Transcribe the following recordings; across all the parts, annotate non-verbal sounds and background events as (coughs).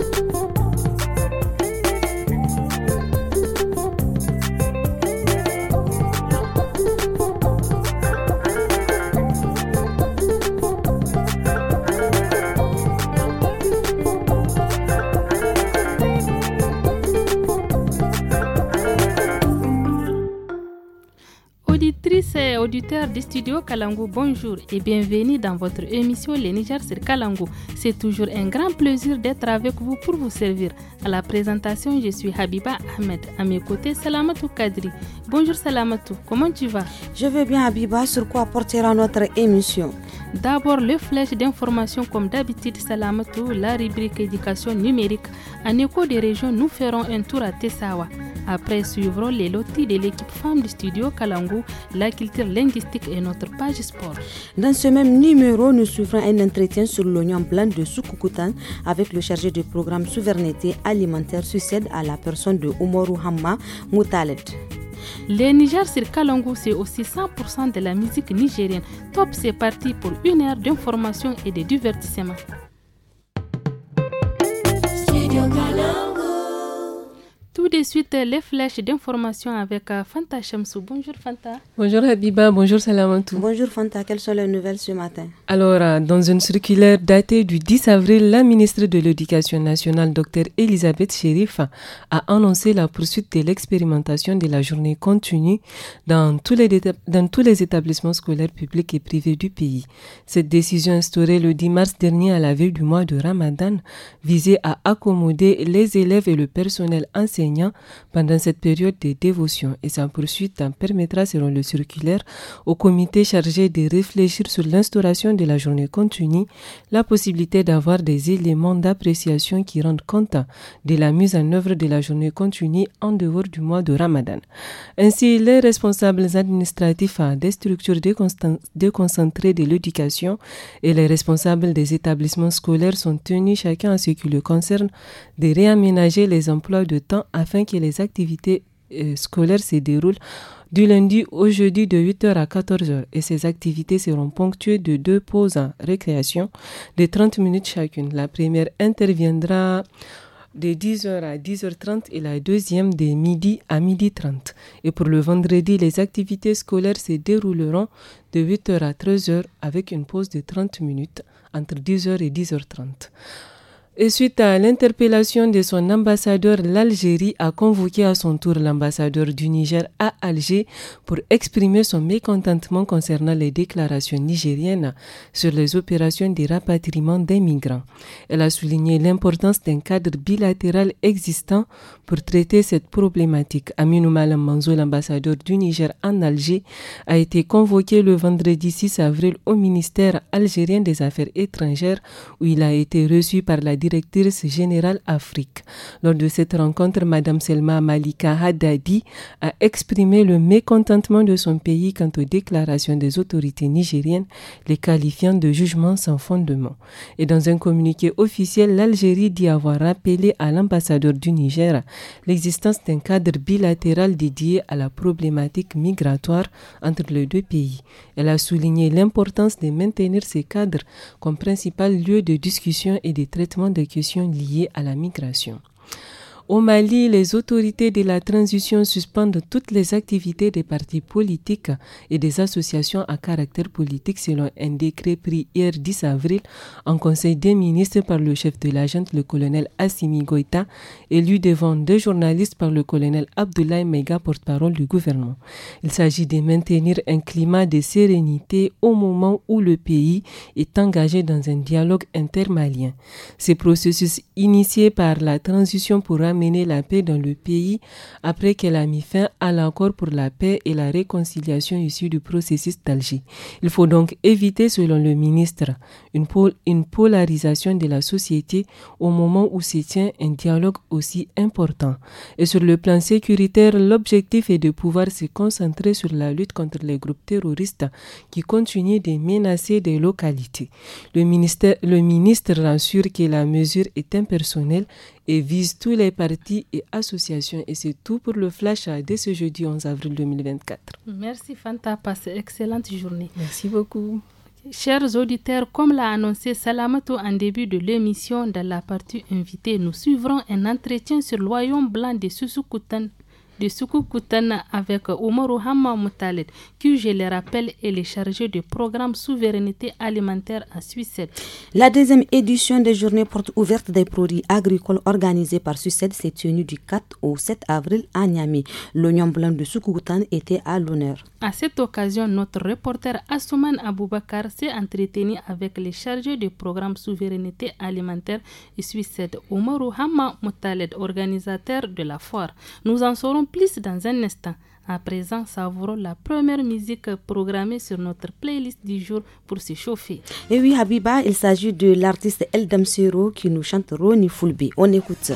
Thank you. Auditeur auditeurs du studio Kalangu, bonjour et bienvenue dans votre émission Les Niger sur Kalangu. C'est toujours un grand plaisir d'être avec vous pour vous servir. À la présentation, je suis Habiba Ahmed. À mes côtés, Salamatou Kadri. Bonjour Salamatou, comment tu vas Je vais bien Habiba, sur quoi portera notre émission D'abord, le flèche d'information comme d'habitude Salamatou, la rubrique éducation numérique. En écho des régions, nous ferons un tour à Tessawa. Après, suivrons les lotis de l'équipe femme du studio Kalangu, la linguistique et notre page sport. Dans ce même numéro, nous souffrons un entretien sur l'oignon blanc de Soukoutan avec le chargé du programme Souveraineté alimentaire succède à la personne de Oumarou Hamma Moutaled. Les Niger sur Kalongo, c'est aussi 100% de la musique nigérienne. Top, c'est parti pour une heure d'information et de divertissement. Tout de suite, les flèches d'information avec euh, Fanta Chamsou. Bonjour Fanta. Bonjour Habiba, bonjour Salamantou. Bonjour Fanta, quelles sont les nouvelles ce matin Alors, euh, dans une circulaire datée du 10 avril, la ministre de l'Éducation nationale, Dr Elisabeth Sherif, a annoncé la poursuite de l'expérimentation de la journée continue dans tous, les dans tous les établissements scolaires publics et privés du pays. Cette décision instaurée le 10 mars dernier à la veille du mois de Ramadan visait à accommoder les élèves et le personnel enseignant pendant cette période de dévotion et sa poursuite en permettra, selon le circulaire, au comité chargé de réfléchir sur l'instauration de la journée continue la possibilité d'avoir des éléments d'appréciation qui rendent compte de la mise en œuvre de la journée continue en dehors du mois de Ramadan. Ainsi, les responsables administratifs des structures déconcentrées de l'éducation et les responsables des établissements scolaires sont tenus chacun en ce qui le concerne de réaménager les emplois de temps afin que les activités euh, scolaires se déroulent du lundi au jeudi de 8h à 14h et ces activités seront ponctuées de deux pauses en récréation de 30 minutes chacune. La première interviendra de 10h à 10h30 et la deuxième de midi à midi 30. Et pour le vendredi, les activités scolaires se dérouleront de 8h à 13h avec une pause de 30 minutes entre 10h et 10h30. Et suite à l'interpellation de son ambassadeur, l'Algérie a convoqué à son tour l'ambassadeur du Niger à Alger pour exprimer son mécontentement concernant les déclarations nigériennes sur les opérations de rapatriement des migrants. Elle a souligné l'importance d'un cadre bilatéral existant pour traiter cette problématique, Aminou Malam Manzo, l'ambassadeur du Niger en Algérie, a été convoqué le vendredi 6 avril au ministère algérien des Affaires étrangères où il a été reçu par la directrice générale Afrique. Lors de cette rencontre, Madame Selma Malika Haddadi a exprimé le mécontentement de son pays quant aux déclarations des autorités nigériennes, les qualifiant de jugements sans fondement. Et dans un communiqué officiel, l'Algérie dit avoir rappelé à l'ambassadeur du Niger l'existence d'un cadre bilatéral dédié à la problématique migratoire entre les deux pays. Elle a souligné l'importance de maintenir ces cadres comme principal lieu de discussion et de traitement des questions liées à la migration. Au Mali, les autorités de la transition suspendent toutes les activités des partis politiques et des associations à caractère politique selon un décret pris hier 10 avril en Conseil des ministres par le chef de l'agent, le colonel Assimi Goïta, élu devant deux journalistes par le colonel Abdoulaye Mega, porte-parole du gouvernement. Il s'agit de maintenir un climat de sérénité au moment où le pays est engagé dans un dialogue intermalien. Ce processus initié par la transition pourra mener la paix dans le pays après qu'elle a mis fin à l'accord pour la paix et la réconciliation issue du processus d'Alger. Il faut donc éviter, selon le ministre, une, une polarisation de la société au moment où se tient un dialogue aussi important. Et sur le plan sécuritaire, l'objectif est de pouvoir se concentrer sur la lutte contre les groupes terroristes qui continuent de menacer des localités. Le, le ministre rassure que la mesure est impersonnelle et vise tous les partis et associations. Et c'est tout pour le flash de ce jeudi 11 avril 2024. Merci Fanta, passez excellente journée. Merci beaucoup. Chers auditeurs, comme l'a annoncé Salamato en début de l'émission, dans la partie invitée, nous suivrons un entretien sur l'oyon blanc de Susukutan de Soukoukoutan avec Oumarou Hamma Moutaled, qui, je le rappelle, est le chargé du programme Souveraineté alimentaire à Suissette. La deuxième édition des journées portes ouvertes des produits agricoles organisées par Suissette s'est tenue du 4 au 7 avril à Niamey. L'oignon blanc de Soukoukoutan était à l'honneur. À cette occasion, notre reporter Assouman Aboubakar s'est entretenu avec le chargé du programme Souveraineté alimentaire et Suissette, Oumarou Hamma Moutaled, organisateur de la foire. Nous en saurons complices dans un instant. À présent, savourons la première musique programmée sur notre playlist du jour pour se chauffer. Et oui, Habiba, il s'agit de l'artiste Eldam Sero qui nous chante Roni Fulbi. On écoute.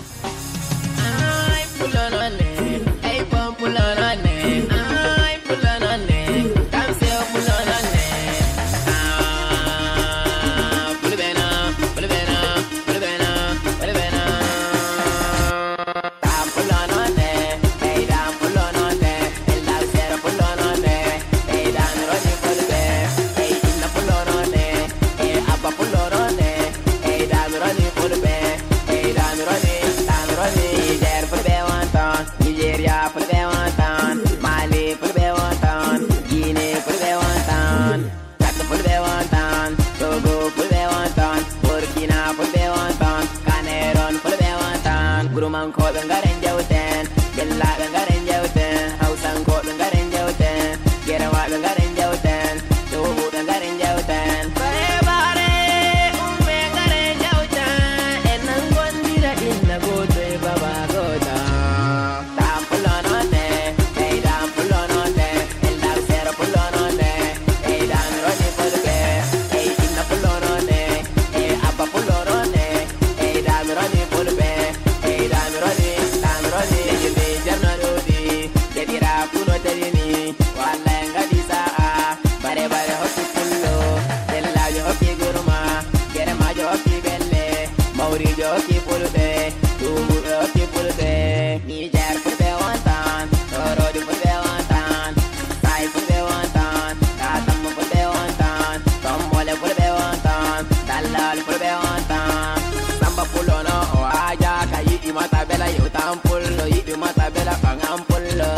bal ful be on tam samba pulono o aja kayi di mata bela yo tampul lo yi di mata bela pangampul lo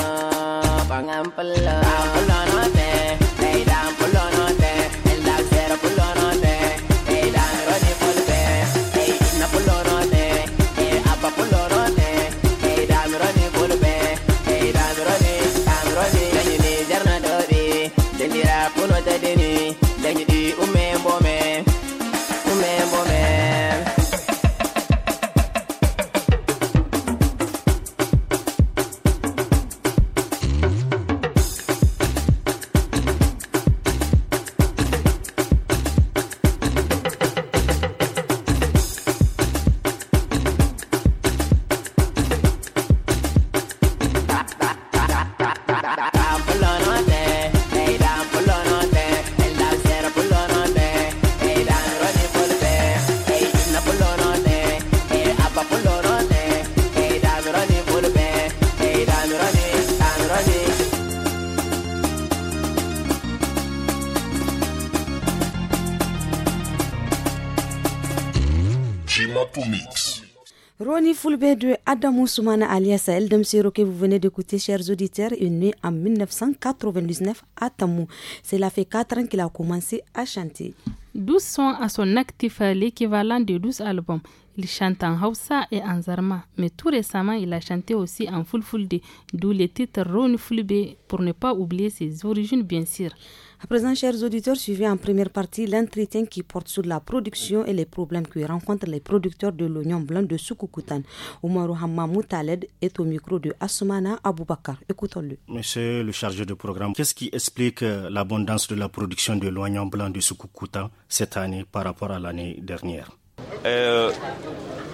pangampul lo de Adam Soumana alias Eldem Siro que vous venez d'écouter, chers auditeurs, est né en 1999 à Tamou. Cela fait 4 ans qu'il a commencé à chanter. 12 sons à son actif, l'équivalent de 12 albums. Il chante en Hausa et en Zarma, mais tout récemment, il a chanté aussi en Fulfulde, d'où le titre Ron Fulbe, pour ne pas oublier ses origines, bien sûr. À présent, chers auditeurs, suivez en première partie l'entretien qui porte sur la production et les problèmes que rencontrent les producteurs de l'oignon blanc de Soukoukoutan. Omar Hamma Taled est au micro de Assoumana Aboubakar. Écoutons-le. Monsieur le chargé de programme, qu'est-ce qui explique euh, l'abondance de la production de l'oignon blanc de Soukoukoutan cette année par rapport à l'année dernière euh,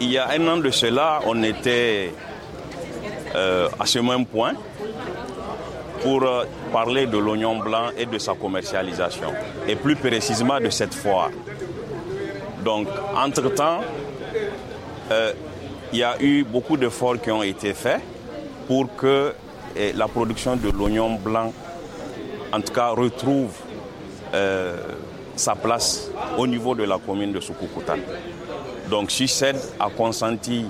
Il y a un an de cela, on était euh, à ce même point pour euh, parler de l'oignon blanc et de sa commercialisation, et plus précisément de cette foire. Donc, entre-temps, euh, il y a eu beaucoup d'efforts qui ont été faits pour que eh, la production de l'oignon blanc, en tout cas, retrouve euh, sa place au niveau de la commune de Soukoukoutane. Donc, SUCED a consenti,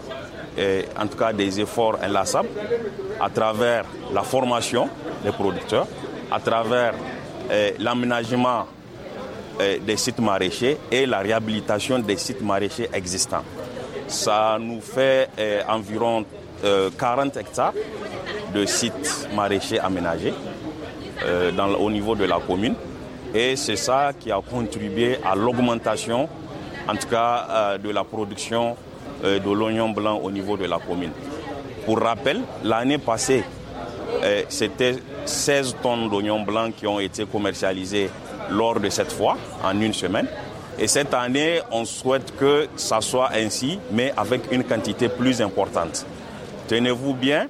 eh, en tout cas, des efforts inlassables à travers la formation, les producteurs à travers eh, l'aménagement eh, des sites maraîchers et la réhabilitation des sites maraîchers existants. Ça nous fait eh, environ 40 hectares de sites maraîchers aménagés au niveau de la commune. Et c'est ça qui a contribué à l'augmentation, en tout cas, de la production de l'oignon blanc au niveau de la commune. Pour rappel, l'année passée, c'était 16 tonnes d'oignons blancs qui ont été commercialisés lors de cette fois, en une semaine. Et cette année, on souhaite que ça soit ainsi, mais avec une quantité plus importante. Tenez-vous bien,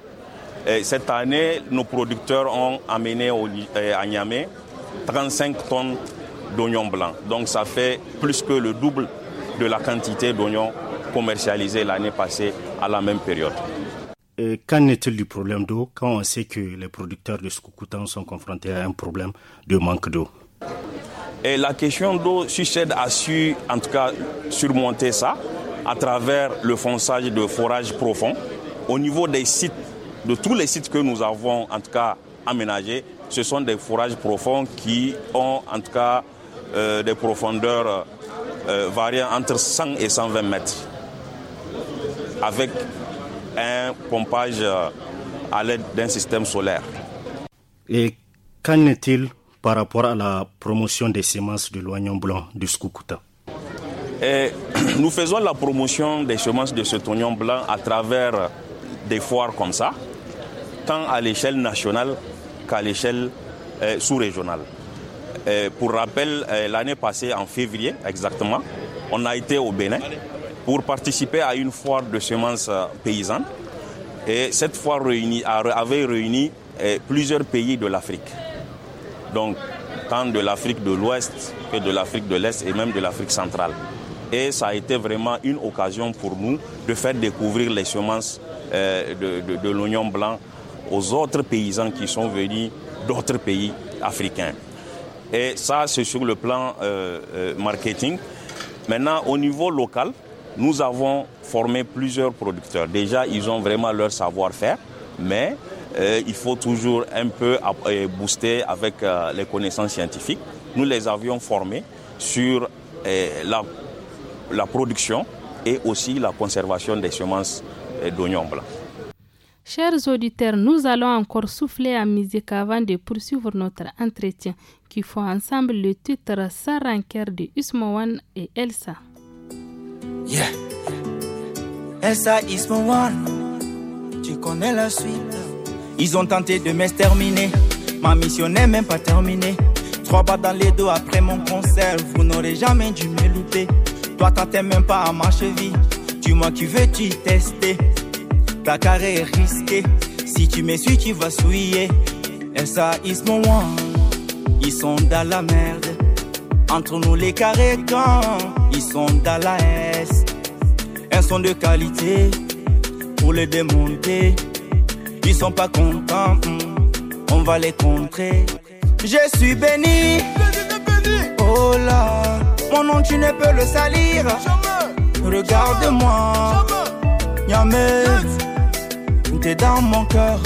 eh, cette année, nos producteurs ont amené eh, à Niamey 35 tonnes d'oignons blancs. Donc ça fait plus que le double de la quantité d'oignons commercialisés l'année passée à la même période. Euh, qu'en est-il du problème d'eau quand on sait que les producteurs de Skoukoutan sont confrontés à un problème de manque d'eau Et la question d'eau, succède a su en tout cas surmonter ça à travers le fonçage de forages profonds au niveau des sites, de tous les sites que nous avons en tout cas aménagés, ce sont des forages profonds qui ont en tout cas euh, des profondeurs euh, variant entre 100 et 120 mètres, avec un pompage à l'aide d'un système solaire. Et qu'en est-il par rapport à la promotion des semences de l'oignon blanc du Skoukouta (clears throat) nous faisons la promotion des semences de cet oignon blanc à travers des foires comme ça, tant à l'échelle nationale qu'à l'échelle euh, sous-régionale. pour rappel, euh, l'année passée, en février exactement, on a été au Bénin pour participer à une foire de semences euh, paysannes. Et cette foire avait réuni euh, plusieurs pays de l'Afrique. Donc, tant de l'Afrique de l'Ouest que de l'Afrique de l'Est et même de l'Afrique centrale. Et ça a été vraiment une occasion pour nous de faire découvrir les semences euh, de, l'oignon blanc aux autres paysans qui sont venus d'autres pays africains. Et ça, c'est sur le plan marketing. Maintenant, au niveau local, nous avons formé plusieurs producteurs. Déjà, ils ont vraiment leur savoir-faire, mais euh, il faut toujours un peu euh, booster avec euh, les connaissances scientifiques. Nous les avions formés sur la, production et aussi la conservation des semences d'oignons blancs. Chers auditeurs, nous allons encore souffler à musique avant de poursuivre notre entretien qui font ensemble le titre Saranker de Usmawan et Elsa. Yeah. my One, tu connais la suite. Ils ont tenté de m'exterminer. Ma mission n'est même pas terminée. Trois bas dans les dos après mon concert. Vous n'aurez jamais dû me louper. Toi, t'attends même pas à ma cheville. Tu moi qui veux-tu tester. Ta carrière est risquée. Si tu me suis, tu vas souiller. my One, ils sont dans la merde. Entre nous les carrés quand ils sont dans la haine de qualité pour les démonter. Ils sont pas contents, hmm, on va les contrer. Je suis béni. Oh là, mon nom tu ne peux le salir. Regarde-moi, tu t'es dans mon cœur.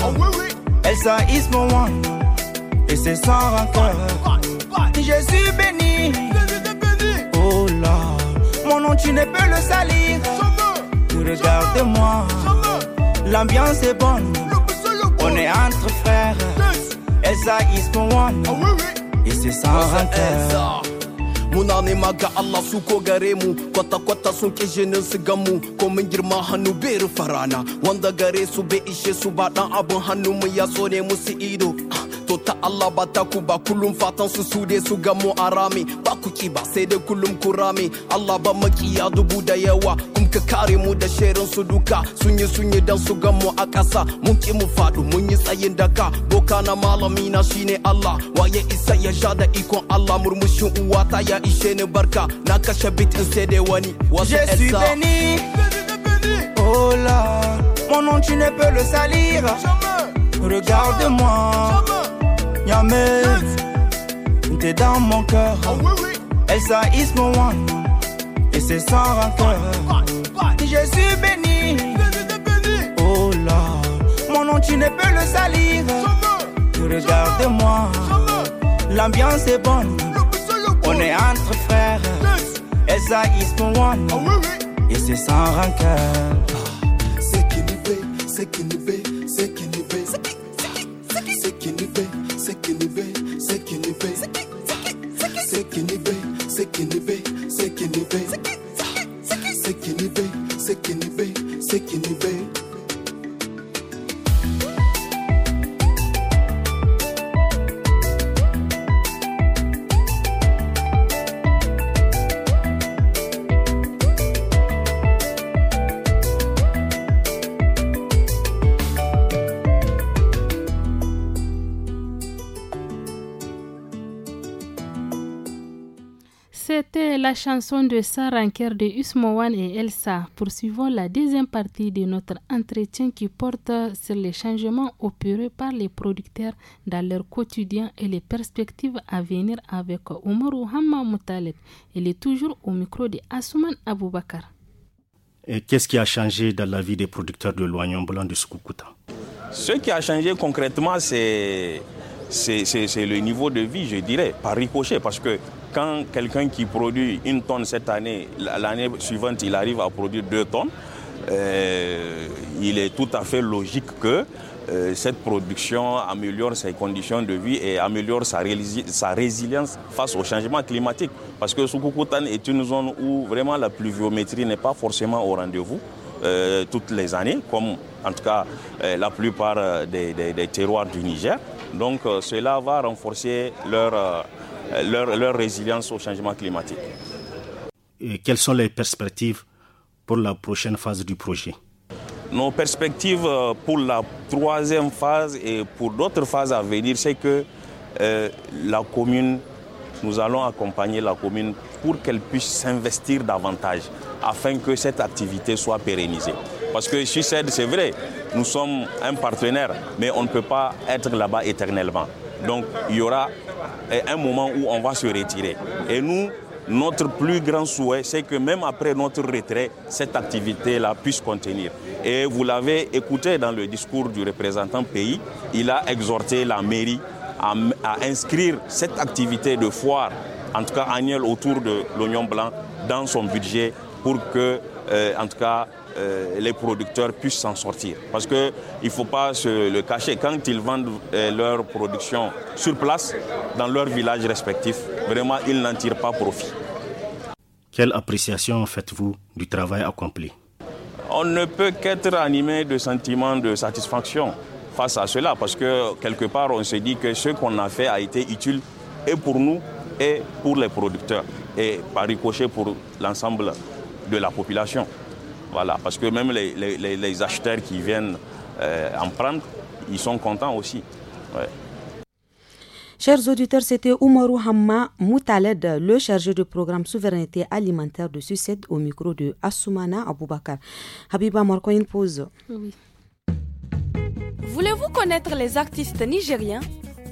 Elle is mon one, et c'est sans rancœur. Je suis béni. Oh là, mon nom tu ne peux le salir regardez-moi. L'ambiance est bonne, on est entre frères. Elsa is my one, ah et c'est ah, sans rancœur. Allah gare mu kwata-kwata sun su wanda gare su bai ishe su ba tota Allah batakuba, ta ku ba kullum fatan su su dai su gamo a ba ku ki ba sai Allah makiya dubu da yawa kun ka kare mu da sherin su duka sun yi sun dan su gamo a ƙasa mun ki mu mun yi tsayin daka boka shine Allah waye isa ya sha da ikon Allah murmushin uwata ya ishe ni barka na kashe in sai dai wani wasu Oh la mon nom tu ne peux le salir. Regarde-moi. Yamé, t'es dans mon cœur. Ah Elsa, saïs mon one, et c'est sans rancœur. Je suis béni. Oh là, mon nom tu ne peux le salir. Regarde-moi, l'ambiance est bonne. On est entre frères. Elsa, saïs mon one, ah et c'est sans rancœur. Ah, c'est qui nous fait, c'est qui nous fait. chanson de Saranker de Usmowan et Elsa, poursuivons la deuxième partie de notre entretien qui porte sur les changements opérés par les producteurs dans leur quotidien et les perspectives à venir avec Oumarou Hamma Moutaleb. Il est toujours au micro de Assouman Aboubakar. Et qu'est-ce qui a changé dans la vie des producteurs de l'oignon blanc de Soukoukouta Ce qui a changé concrètement, c'est le niveau de vie, je dirais, par ricochet, parce que quand quelqu'un qui produit une tonne cette année, l'année suivante, il arrive à produire deux tonnes, euh, il est tout à fait logique que euh, cette production améliore ses conditions de vie et améliore sa, résilience face au changement climatique. Parce que Soukoukoutane est une zone où vraiment la pluviométrie n'est pas forcément au rendez-vous euh, toutes les années, comme en tout cas la plupart des, des, terroirs du Niger. Donc cela va renforcer leur euh, leur, résilience au changement climatique. quelles sont les perspectives pour la prochaine phase du projet Nos perspectives euh, pour la troisième phase et pour d'autres phases à venir, c'est que euh, la commune, nous allons accompagner la commune pour qu'elle puisse s'investir davantage afin que cette activité soit pérennisée. Parce que SUCED, c'est vrai, nous sommes un partenaire, mais on ne peut pas être là-bas éternellement. Donc il y aura un moment où on va se retirer. Et nous, notre plus grand souhait, c'est que même après notre retrait, cette activité-là puisse contenir. Et vous l'avez écouté dans le discours du représentant pays, il a exhorté la mairie à, inscrire cette activité de foire, en tout cas annuelle autour de l'oignon blanc, dans son budget pour que, euh, en tout cas, euh, les producteurs puissent s'en sortir. Parce qu'il ne faut pas se le cacher. Quand ils vendent euh, leur production sur place, dans leur village respectif, vraiment, ils n'en tirent pas profit. Quelle appréciation faites-vous du travail accompli On ne peut qu'être animé de sentiments de satisfaction face à cela, parce que quelque part, on se dit que ce qu'on a fait a été utile et pour nous et pour les producteurs, et par ricochet pour l'ensemble de la population. Voilà, parce que même les, acheteurs qui viennent euh, en prendre, ils sont contents aussi. Chers auditeurs, c'était Oumarou Hamma Moutaled, le chargé du programme Souveraineté alimentaire de Sucette, au micro de Assoumana Aboubakar. Habiba Marco, une pause. Voulez-vous connaître les artistes nigériens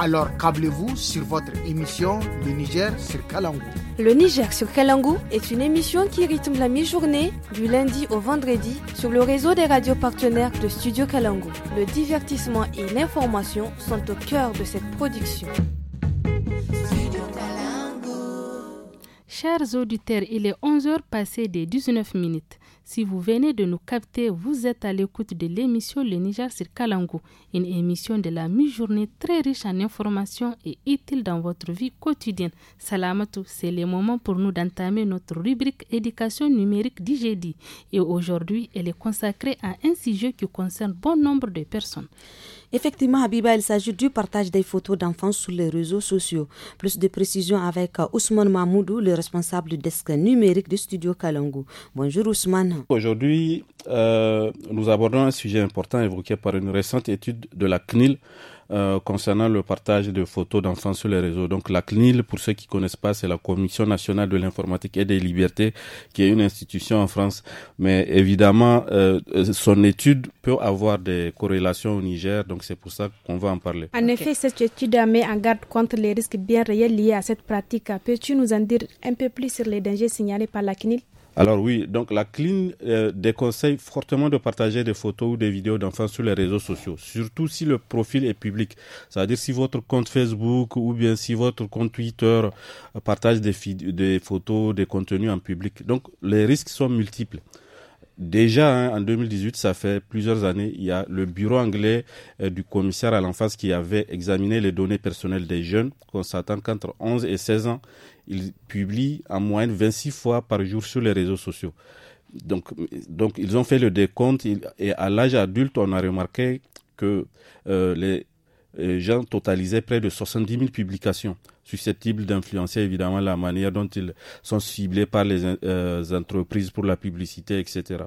alors câblez-vous sur votre émission Le Niger sur Kalangou. Le Niger sur Kalangou est une émission qui rythme la mi-journée du lundi au vendredi sur le réseau des radios partenaires de Studio Kalangou. Le divertissement et l'information sont au cœur de cette production. Chers auditeurs, il est 11h passé des 19 minutes. Si vous venez de nous capter, vous êtes à l'écoute de l'émission Le Niger sur Kalangu, une émission de la mi-journée très riche en informations et utile dans votre vie quotidienne. Salamatou, c'est le moment pour nous d'entamer notre rubrique éducation numérique du Et aujourd'hui, elle est consacrée à un sujet qui concerne bon nombre de personnes. Effectivement, Habiba, il s'agit du partage des photos d'enfants sur les réseaux sociaux. Plus de précisions avec euh, Ousmane Mahmoudou, le responsable du desk numérique du studio Kalangou. Bonjour Ousmane. Aujourd'hui, euh, nous abordons un sujet important évoqué par une récente étude de la CNIL euh, concernant le partage de photos d'enfants sur les réseaux. Donc la CNIL, pour ceux qui ne connaissent pas, c'est la Commission nationale de l'informatique et des libertés, qui est une institution en France. Mais évidemment, euh, son étude peut avoir des corrélations au Niger, donc c'est pour ça qu'on va en parler. En effet, cette étude met en garde contre les risques bien réels liés à cette pratique. Peux-tu nous en dire un peu plus sur les dangers signalés par la CNIL alors oui, donc la clean euh, déconseille fortement de partager des photos ou des vidéos d'enfants sur les réseaux sociaux, surtout si le profil est public. C'est-à-dire si votre compte Facebook ou bien si votre compte Twitter partage des, des photos, des contenus en public. Donc les risques sont multiples. Déjà, hein, en 2018, ça fait plusieurs années, il y a le bureau anglais euh, du commissaire à l'enfance qui avait examiné les données personnelles des jeunes, constatant qu'entre 11 et 16 ans, ils publient en moyenne 26 fois par jour sur les réseaux sociaux. Donc, donc ils ont fait le décompte et à l'âge adulte, on a remarqué que euh, les euh, Jean totalisait près de 70 000 publications, susceptibles d'influencer évidemment la manière dont ils sont ciblés par les euh, euh, entreprises pour la publicité, etc.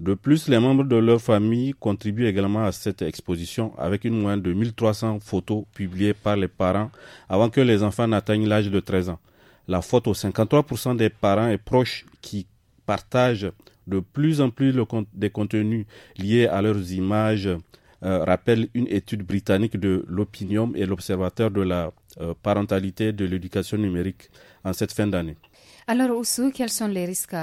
De plus, les membres de leur famille contribuent également à cette exposition avec une moyenne de 1300 photos publiées par les parents avant que les enfants n'atteignent l'âge de 13 ans. La faute aux 53% des parents et proches qui partagent de plus en plus le, des contenus liés à leurs images euh, rappelle une étude britannique de l'Opinion et l'Observateur de la euh, parentalité de l'éducation numérique en cette fin d'année. Alors, Oussou, quels sont les risques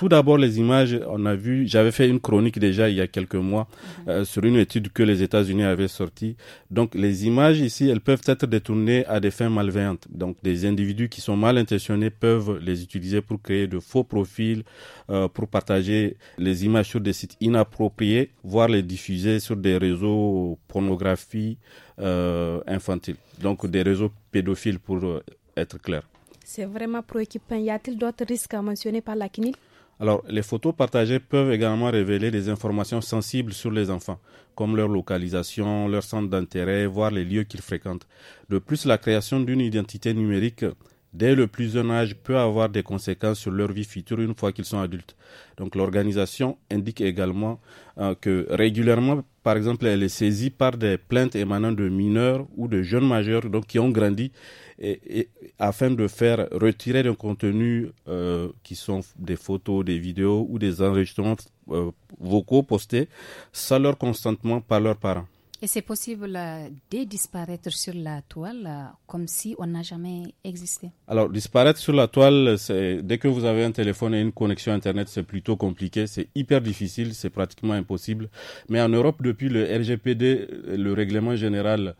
tout d'abord, les images, on a vu, j'avais fait une chronique déjà il y a quelques mois mhm. euh, sur une étude que les États-Unis avaient sortie. Donc, les images ici, elles peuvent être détournées à des fins malveillantes. Donc, des individus qui sont mal intentionnés peuvent les utiliser pour créer de faux profils, euh, pour partager les images sur des sites inappropriés, voire les diffuser sur des réseaux pornographie euh, infantile. Donc, des réseaux pédophiles pour être clair. C'est vraiment préoccupant. Y a-t-il d'autres risques à mentionner par la CNIL alors, les photos partagées peuvent également révéler des informations sensibles sur les enfants, comme leur localisation, leur centre d'intérêt, voire les lieux qu'ils fréquentent. De plus, la création d'une identité numérique dès le plus jeune âge peut avoir des conséquences sur leur vie future une fois qu'ils sont adultes. Donc, l'organisation indique également euh, que régulièrement, par exemple, elle est saisie par des plaintes émanant de mineurs ou de jeunes majeurs donc, qui ont grandi et, afin de faire retirer des contenus euh, qui sont des photos, des vidéos ou des enregistrements euh, vocaux postés sans leur consentement par leurs parents. Et c'est possible euh, de disparaître sur la toile euh, comme si on n'a jamais existé Alors, disparaître sur la toile, dès que vous avez un téléphone et une connexion Internet, c'est plutôt compliqué, c'est hyper difficile, c'est pratiquement impossible. Mais en Europe, depuis le RGPD, euh, le règlement général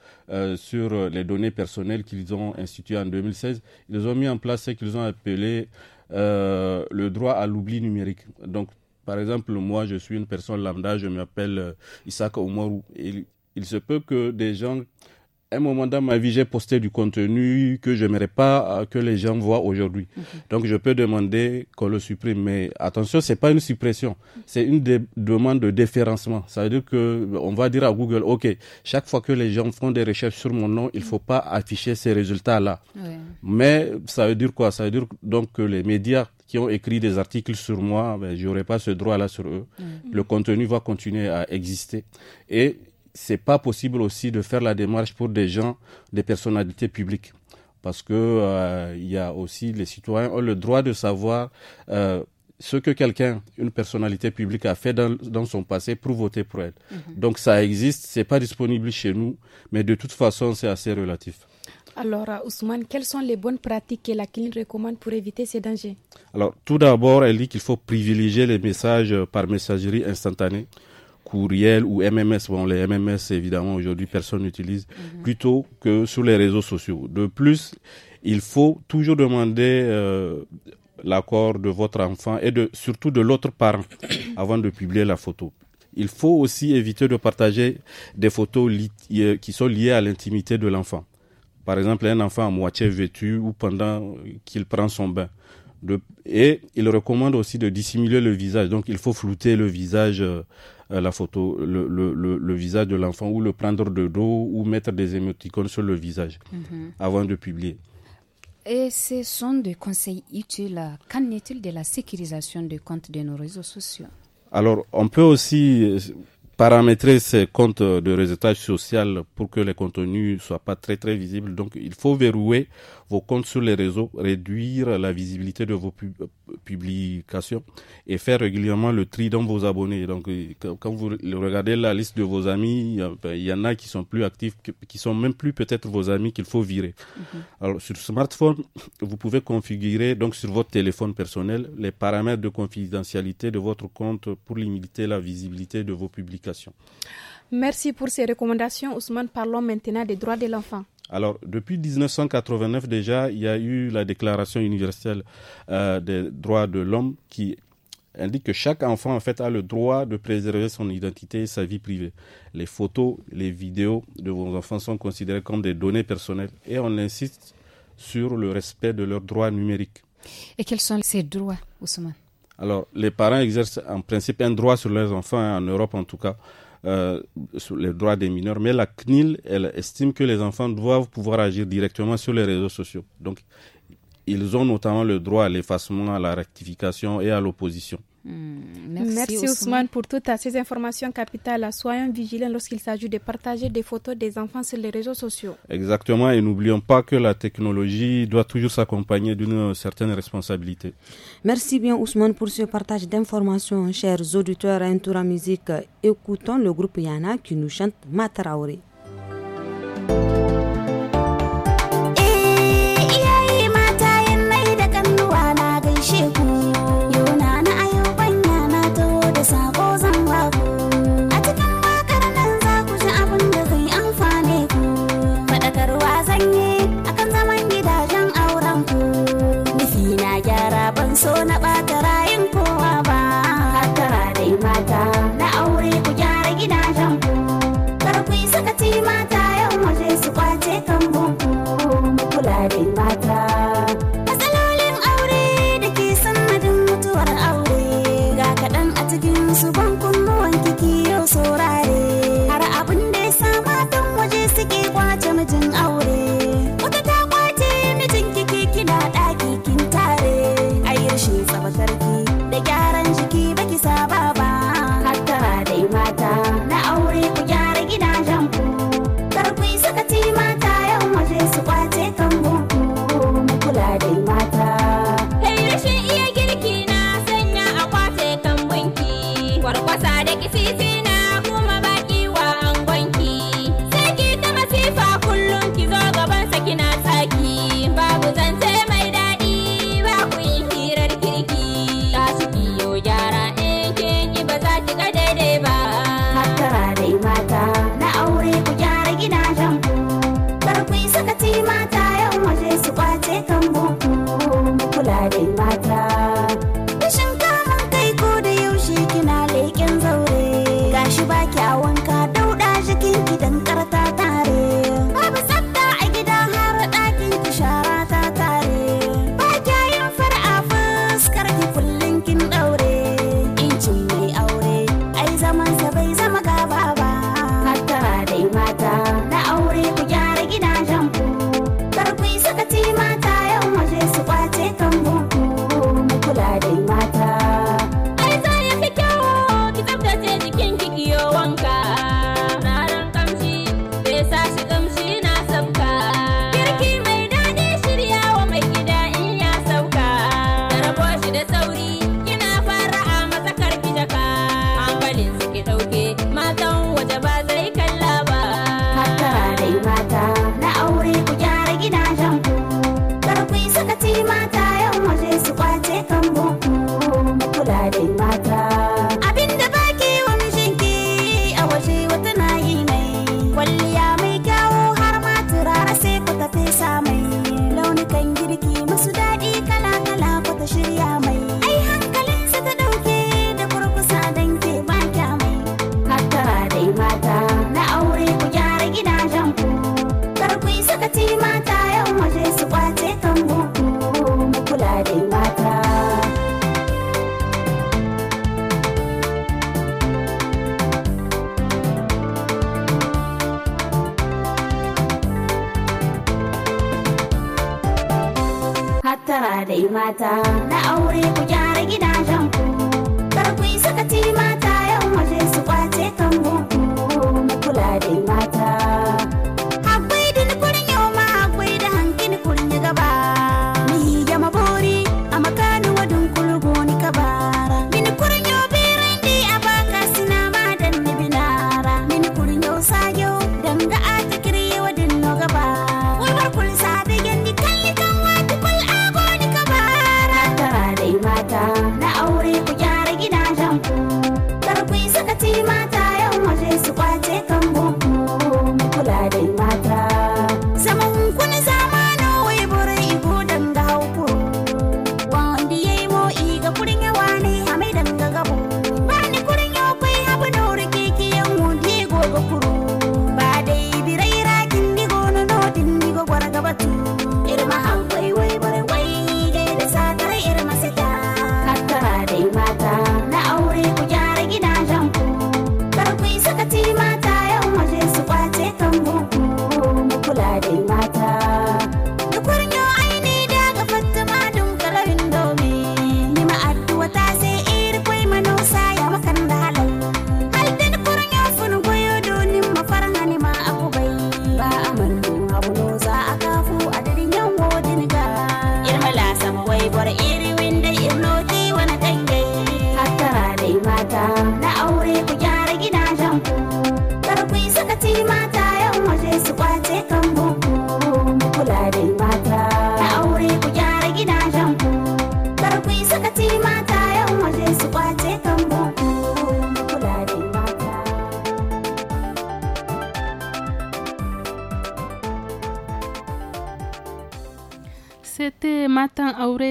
sur les données personnelles qu'ils ont institué en 2016, ils ont mis en place ce qu'ils ont appelé le droit à l'oubli numérique. Donc, par exemple, moi, je suis une personne lambda, je m'appelle Isaac Oumarou il se peut que des gens un moment dans ma vie, j'ai posté du contenu que je n'aimerais pas euh, que les gens voient aujourd'hui. Mhm. Donc, je peux demander qu'on le supprime. Mais attention, c'est pas une suppression. C'est une demande de déférencement. Ça veut dire que, on va dire à Google, OK, chaque fois que les gens font des recherches sur mon nom, il faut pas afficher ces résultats-là. Mais ça veut dire quoi? Ça veut dire donc que les médias qui ont écrit des articles sur moi, ben, je n'aurai pas ce droit-là sur eux. Le contenu va continuer à exister. Et c'est pas possible aussi de faire la démarche pour des gens, des personnalités publiques. Parce que euh, il y a aussi les citoyens ont le droit de savoir euh, ce que quelqu'un, une personnalité publique a fait dans, dans, son passé pour voter pour elle. Mhm. Donc ça existe, c'est pas disponible chez nous, mais de toute façon c'est assez relatif. Alors, euh, Ousmane, quelles sont les bonnes pratiques que la clinique recommande pour éviter ces dangers Alors, tout d'abord, elle dit qu'il faut privilégier les messages par messagerie instantanée courriel ou MMS. Bon, les MMS, évidemment, aujourd'hui, personne n'utilise, mhm. plutôt que sur les réseaux sociaux. De plus, il faut toujours demander euh, l'accord de votre enfant et de, surtout de l'autre parent (coughs) avant de publier la photo. Il faut aussi éviter de partager des photos euh, qui sont liées à l'intimité de l'enfant. Par exemple, un enfant à moitié vêtu ou pendant qu'il prend son bain. De, et il recommande aussi de dissimuler le visage. Donc, il faut flouter le visage. Euh, euh, la photo, le, visage de l'enfant ou le prendre de dos ou mettre des émoticônes sur le visage mhm. avant de publier. Et ce sont des conseils utiles. Qu'en est-il de la sécurisation des comptes de nos réseaux sociaux Alors, on peut aussi euh, paramétrer ces comptes de réseautage social pour que les contenus soient pas très très visibles. Donc, il faut verrouiller vos comptes sur les réseaux, réduire la visibilité de vos publications et faire régulièrement le tri dans vos abonnés. Donc, euh, quand vous regardez la liste de vos amis, il y ben, en a qui sont plus actifs, qui sont même plus peut-être vos amis qu'il faut virer. Mhm. Alors, sur smartphone, vous pouvez configurer, donc sur votre téléphone personnel, les paramètres de confidentialité de votre compte pour limiter la visibilité de vos publications. Merci pour ces recommandations, Ousmane. Parlons maintenant des droits de l'enfant. Alors, depuis 1989 déjà, il y a eu la Déclaration universelle euh, des droits de l'homme qui indique que chaque enfant en fait a le droit de préserver son identité et sa vie privée. Les photos, les vidéos de vos enfants sont considérées comme des données personnelles et on insiste sur le respect de leurs droits numériques. Et quels sont ces droits, Ousmane Alors, les parents exercent en principe un droit sur leurs enfants, hein, en Europe en tout cas. Euh, sur les droits des mineurs, mais la CNIL, elle estime que les enfants doivent pouvoir agir directement sur les réseaux sociaux. Donc, ils ont notamment le droit à l'effacement, à la rectification et à l'opposition. Hmm, merci, Ousmane. pour toutes ces informations capitales. Soyons vigilants lorsqu'il s'agit de partager des photos des enfants sur les réseaux sociaux. Exactement, et n'oublions pas que la technologie doit toujours s'accompagner d'une certaine responsabilité. Merci bien Ousmane pour ce partage d'informations. Chers auditeurs, à un musique, écoutons le groupe Yana qui nous chante Matraori. Karata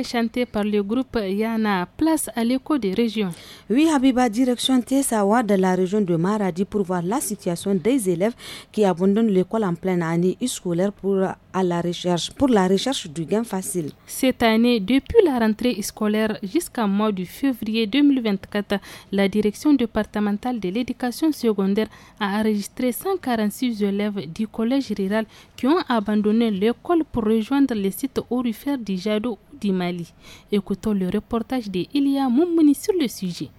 chanté par le groupe Yana. Place à l'écho des régions. Oui, Habiba, direction Tessawa de la région de Maradi pour voir la situation des élèves qui abandonnent l'école en pleine année scolaire pour, à la recherche, pour la recherche du gain facile. Cette année, depuis la rentrée scolaire jusqu'à mois de février 2024, la direction départementale de l'éducation secondaire a enregistré 146 élèves du collège rural qui ont abandonné l'école pour rejoindre les sites orifères du Jadou du Mali. Écoutons le reportage de Moumouni sur le sujet.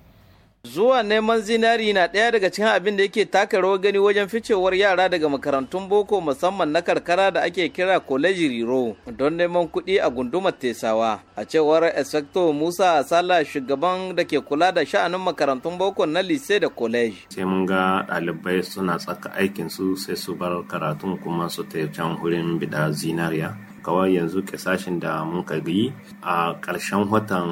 Zuwa neman zinari na ɗaya daga cikin abin da yake taka rawar gani wajen ficewar yara daga makarantun boko musamman na karkara da ake kira koleji riro don neman kuɗi a gundumar tesawa. A cewar Inspector Musa Sala shugaban da ke kula da sha'anin makarantun boko na lise da Koleji. Sai mun ga ɗalibai suna tsaka aikin su sai su bar karatun kuma su ta can hurin bida zinariya. kawai yanzu kasashen da mun yi a ƙarshen watan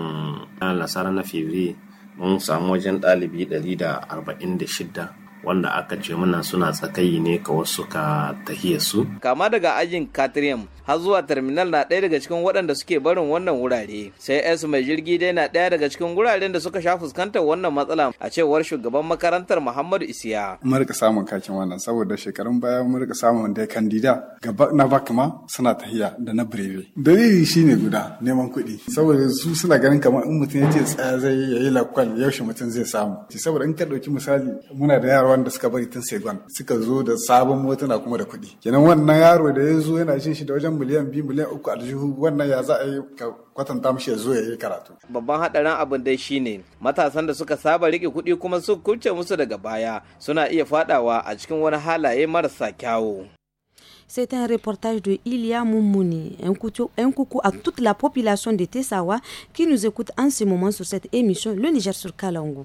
nasara na fevri mun samu wajen ɗalibi da da arba'in shidda. wanda aka ce muna suna tsakayi ne ka wasu ka tahiya su. Kama daga ajin Katrium har zuwa terminal na ɗaya daga cikin waɗanda suke barin wannan wurare. Sai S mai jirgi dai na ɗaya daga cikin wuraren da suka sha fuskantar wannan matsala a cewar shugaban makarantar Muhammadu Isiya. Mun rika samun kakin wannan saboda shekarun baya mun rika samun da kandida gaba na bakma suna tahiya da na birebe. Dalili shine guda neman kuɗi saboda su suna ganin kamar in mutum ya ce tsaya zai yi lakwal yaushe mutum zai samu. Saboda in ka ɗauki misali muna da yara yarawan Discovery suka bari tun Saigon suka zo da sabon motuna kuma da kuɗi kenan wannan yaro da ya zo yana jin shi da wajen miliyan biyu miliyan uku aljihu wannan ya za a yi kwatanta mashi ya zo ya yi karatu babban hadarin abin dai ne matasan da suka saba rike kuɗi kuma su kuce musu daga baya suna iya faɗawa a cikin wani halaye marasa kyawu C'est un reportage de Ilia Moumouni, un, couteau, un coucou à toute la population de Tessawa qui nous écoute en ce moment sur cette émission Le Niger sur Kalangou.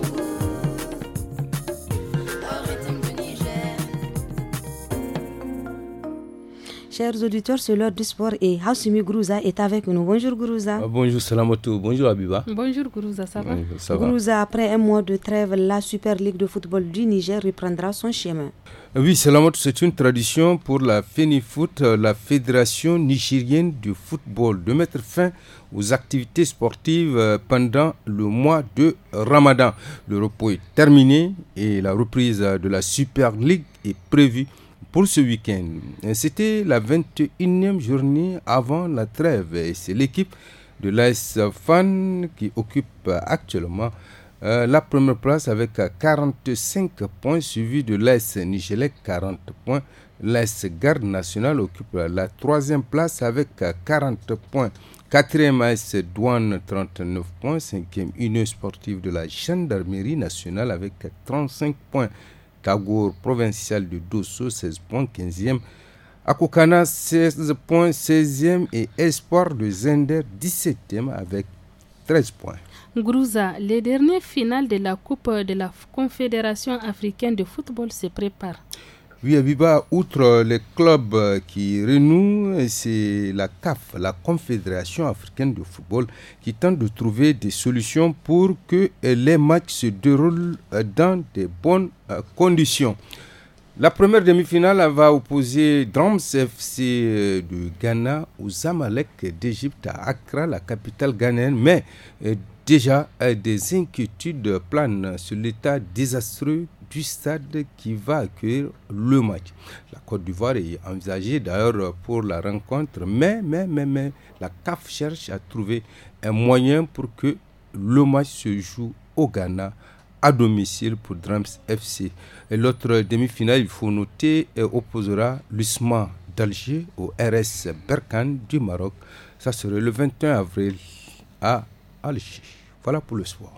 Chers auditeurs, c'est l'heure du sport et Hassimi Gourouza est avec nous. Bonjour Gourouza. Ah, bonjour Salamoto, bonjour Abiba. Bonjour Gourouza, ça va, ça Gourouza, après un mois de trêve, la Super Ligue de football du Niger reprendra son chemin. Oui, c'est une tradition pour la FENIFOOT, euh, la Fédération nigérienne du football, de mettre fin aux activités sportives euh, pendant le mois de Ramadan. Le repos est terminé et la reprise euh, de la Super Ligue est prévue pour ce week-end. Euh, c'était la 21e journée avant la trêve c'est l'équipe de l'AS Fan qui occupe actuellement euh, la première place avec 45 points, suivi de l'AS Nigelec 40 points. L'AS Garde Nationale occupe la troisième place avec 40 points. Quatrième AS Douane 39 points. Cinquième Union Sportive de la Gendarmerie Nationale avec 35 points. Kagour provincial de Dosso 16 16.15e, Akokana 16.16e et Espoir de Zender 17e avec 13 points. Grouza, les dernières finales de la Coupe de la Confédération africaine de football se préparent. Oui, Abiba, outre les clubs euh, qui renouent, c'est la CAF, la Confédération africaine de football, qui tente de trouver des solutions pour que les matchs se déroulent euh, dans de bonnes euh, conditions. La première demi-finale va opposer Drams FC du Ghana aux Amalek d'Égypte à Accra, la capitale ghanéenne, mais déjà des inquiétudes planent sur l'état désastreux du stade qui va accueillir le match. La Côte d'Ivoire est envisagée d'ailleurs pour la rencontre, mais, mais, mais, mais, la CAF cherche à trouver un moyen pour que le match se joue au Ghana à domicile pour Drams FC. L'autre demi-finale, il faut noter, euh, opposera l'usman d'Alger au RS Berkane du Maroc. Ça serait le 21 avril à Alger. Voilà pour le soir.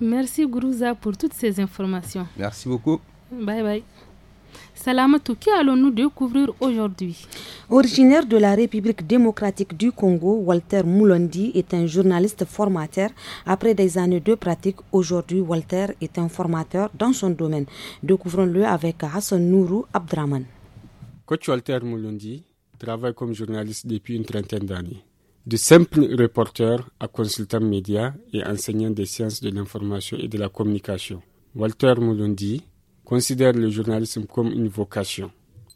Merci Guruza pour toutes ces informations. Merci beaucoup. Bye bye. Salamatou, qui allons-nous découvrir aujourd'hui Originaire de la République démocratique du Congo, Walter Moulondi est un journaliste formateur. Après des années de pratique, aujourd'hui Walter est un formateur dans son domaine. Découvrons-le avec Hassan Nourou Abdraman. Coach Walter Moulondi travaille comme journaliste depuis une trentaine d'années de simple reporter à consultant média et enseignant des sciences de l'information et de la communication. Walter Molundi considère le journalisme comme une vocation.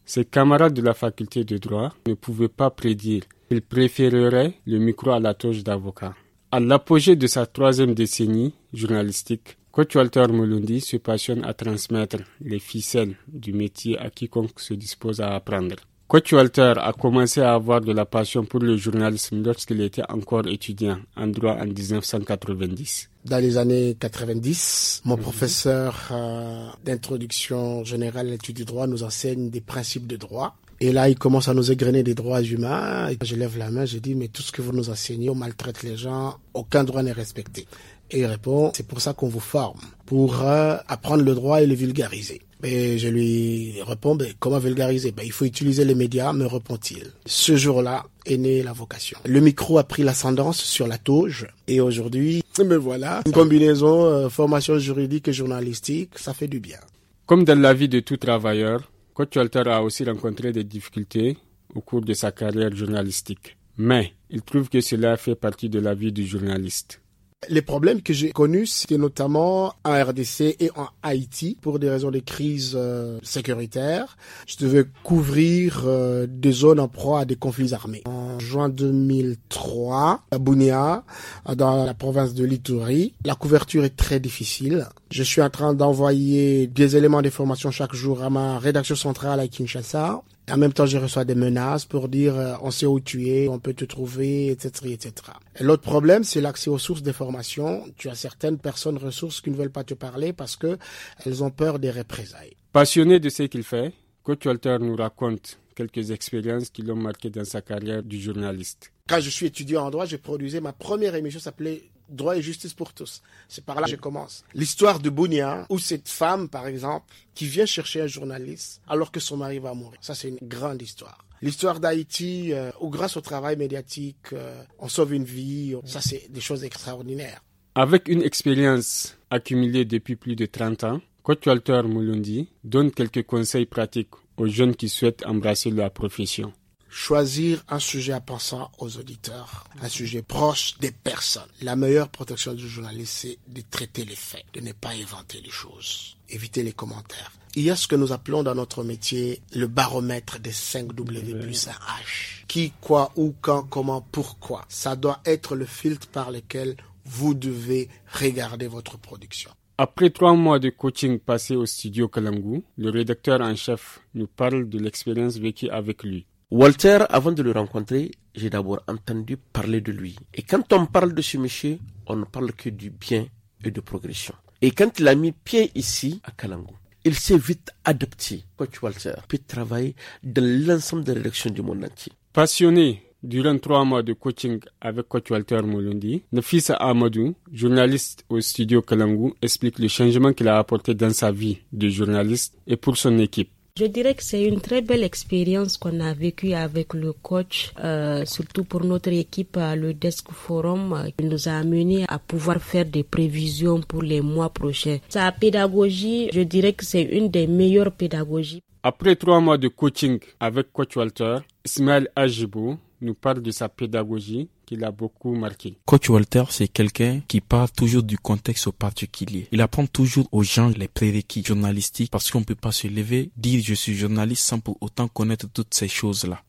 Ses camarades de la faculté de droit ne pouvaient pas prédire qu'il préférerait le micro à la toge d'avocat. À l'apogée de sa troisième décennie journalistique, Coach Walter Molundi se passionne à transmettre les ficelles du métier à quiconque se dispose à apprendre. Coach Walter a commencé à avoir de la passion pour le journalisme lorsqu'il était encore étudiant en droit en 1990. Dans les années 90, mon professeur euh, d'introduction générale à l'étude du droit nous enseigne des principes de droit et là, il commence à nous égrener des droits humains. je lève la main, je dis, mais tout ce que vous nous enseignez, on maltraite les gens, aucun droit n'est respecté. Et il répond, c'est pour ça qu'on vous forme, pour euh, apprendre le droit et le vulgariser. Et je lui réponds, ben, comment vulgariser ben, Il faut utiliser les médias, me répond-il. Ce jour-là est née la vocation. Le micro a pris l'ascendance sur la touche. Et aujourd'hui, (laughs) me voilà, une combinaison euh, formation juridique et journalistique, ça fait du bien. Comme dans la vie de tout travailleur, Coach Walter a aussi rencontré des difficultés au cours de sa carrière journalistique. Mais il trouve que cela fait partie de la vie du journaliste. Les problèmes que j'ai connus, c'était notamment en RDC et en Haïti pour des raisons de crise euh, sécuritaire. Je devais couvrir euh, des zones en proie à des conflits armés. En juin 2003, à Bounia, dans la province de Litouri, la couverture est très difficile. Je suis en train d'envoyer des éléments d'information chaque jour à ma rédaction centrale à Kinshasa. En même temps, je reçois des menaces pour dire euh, on sait où tu es, on peut te trouver, etc. etc. l'autre problème, c'est l'accès aux sources d'information. Tu as certaines personnes ressources qui ne veulent pas te parler parce qu'elles ont peur des représailles. Passionné de ce qu'il fait, Coach Walter nous raconte quelques expériences qui l'ont marqué dans sa carrière de journaliste. Quand je suis étudiant en droit, j'ai produit ma première émission s'appelait droit et justice pour tous. C'est par là que je commence. L'histoire de Bounia, où cette femme, par exemple, qui vient chercher un journaliste alors que son mari va mourir. Ça, c'est une grande histoire. L'histoire d'Haïti, euh, où grâce au travail médiatique, euh, on sauve une vie. Ça, c'est des choses extraordinaires. Avec une expérience accumulée depuis plus de 30 ans, Coach Walter Moulundi donne quelques conseils pratiques aux jeunes qui souhaitent embrasser la profession choisir un sujet pensant aux auditeurs, un sujet proche des personnes. La meilleure protection du journaliste, c'est de traiter les faits, de ne pas inventer les choses, éviter les commentaires. Il y a ce que nous appelons dans notre métier le baromètre des 5W plus H. Qui, quoi, où, quand, comment, pourquoi. Ça doit être le filtre par lequel vous devez regarder votre production. Après trois mois de coaching passé au studio Kalangu, le rédacteur en chef nous parle de l'expérience vécue avec lui. Walter, avant de le rencontrer, j'ai d'abord entendu parler de lui. Et quand on parle de ce monsieur, on ne parle que du bien et de progression. Et quand il a mis pied ici, à Kalangu, il s'est vite adapté. Coach Walter peut travailler dans l'ensemble des rédactions du monde entier. Passionné durant trois mois de coaching avec coach Walter Molondi, Nafisa Amadou, journaliste au studio Kalangu, explique le changement qu'il a apporté dans sa vie de journaliste et pour son équipe. Je dirais que c'est une très belle expérience qu'on a vécue avec le coach, euh, surtout pour notre équipe, euh, le Desk Forum, euh, qui nous a amené à pouvoir faire des prévisions pour les mois prochains. Sa pédagogie, je dirais que c'est une des meilleures pédagogies. Après trois mois de coaching avec Coach Walter, Ismaël Ajibou nous parle de sa pédagogie qui a beaucoup marqué. Coach Walter, c'est quelqu'un qui parle toujours du contexte particulier. Il apprend toujours aux gens les prérequis journalistiques parce qu'on ne peut pas se lever, dire je suis journaliste sans pour autant connaître toutes ces choses-là.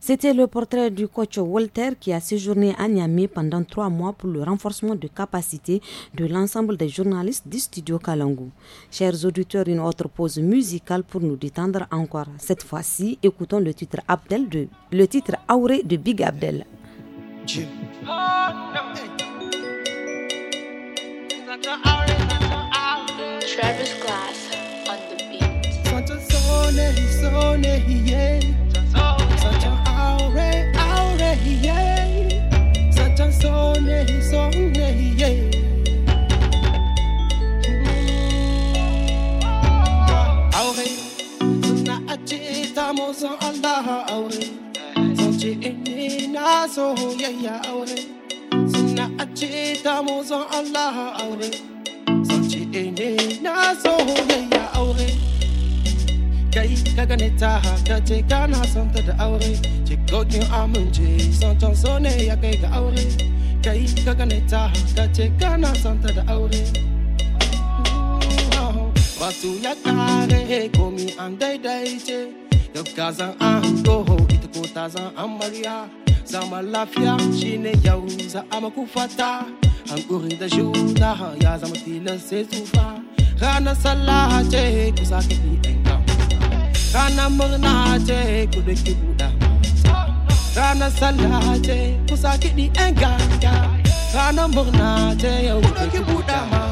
C'était le portrait du coach Walter qui a séjourné à Niamey pendant trois mois pour le renforcement de capacité de l'ensemble des journalistes du studio Kalangu. Chers auditeurs, une autre pause musicale pour nous détendre encore. Cette fois-ci, écoutons le titre Abdel de, le titre Auré de Big Abdel. Jim. Travis Glass on the beat. Such a sone, sone, yeah. Such a aure, aure, yeah. Such a sone, sone, yeah. Aure, since na achi aure. Sanchi na ya aure oh, suna a ce ta Allah aure na soyayya aure kai ka gane ta na ce kana ta da aure ce gogin amince son so ya kai ga aure oh, kai ka gane ta haka kana ta da aure oh, Basu ya kare komi andai daidaice, yau ka zan an ah, toho ita ta zama lafiya chine yau za a ya zama tilan sai Rana salaha sallah ce ku enga bi ɗan ranar Rana ce ku da ki buɗa ranar sallah ce ku